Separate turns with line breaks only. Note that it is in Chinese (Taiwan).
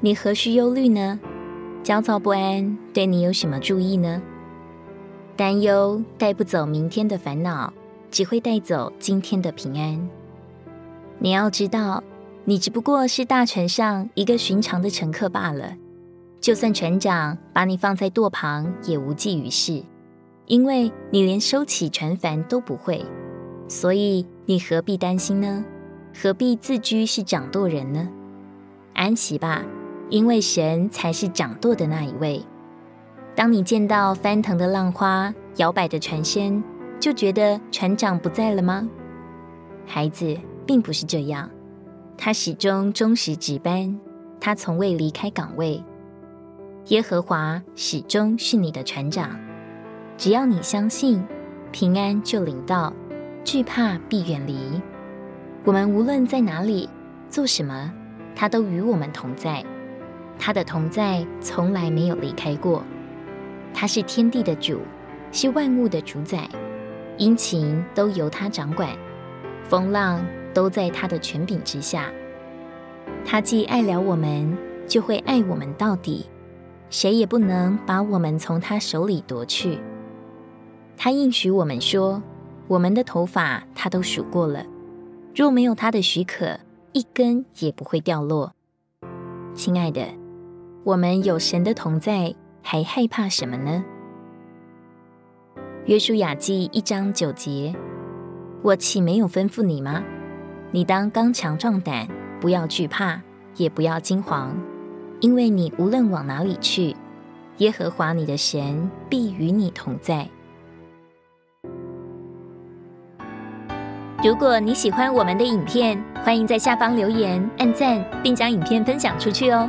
你何須憂慮呢？焦躁不安對你有什麼助益呢？擔憂帶不走明天的煩惱，只會帶走今天的平安。你要知道，你只不過是大船上一個尋常的乘客罷了。就算船長把你放在舵旁，也無濟於事，因為你連收起船帆都不會。所以你何必擔心呢？何必自居是掌舵人呢？安息吧。因為神才是掌舵的那一位。當你見到翻騰的浪花、搖擺的船身，就覺得船長不在了嗎？孩子，並不是這樣。他始終忠實值班，他從未離開崗位。耶和華始終是你的船長。只要你相信，平安就臨到，懼怕必遠離。我們無論在哪裡做什麼，他都與我們同在。他的同在從來沒有離開過，他是天地的主，是萬物的主宰，陰晴都由他掌管，風浪都在他的權柄之下。他既愛了我們，就會愛我們到底，誰也不能把我們從他手裡奪去。他應許我們說，我們的頭髮他都數過了，若沒有他的許可，一根也不會掉落。親愛的。我們有神的同在，還害怕什麼呢？約書亞記一章九節：“我豈沒有吩咐你嗎？你當剛強壯膽，不要懼怕，也不要驚惶，因為你無論往哪裡去，耶和華你的神必與你同在。”如果你喜歡我們的影片，歡迎在下方留言、按讚，並將影片分享出去哦。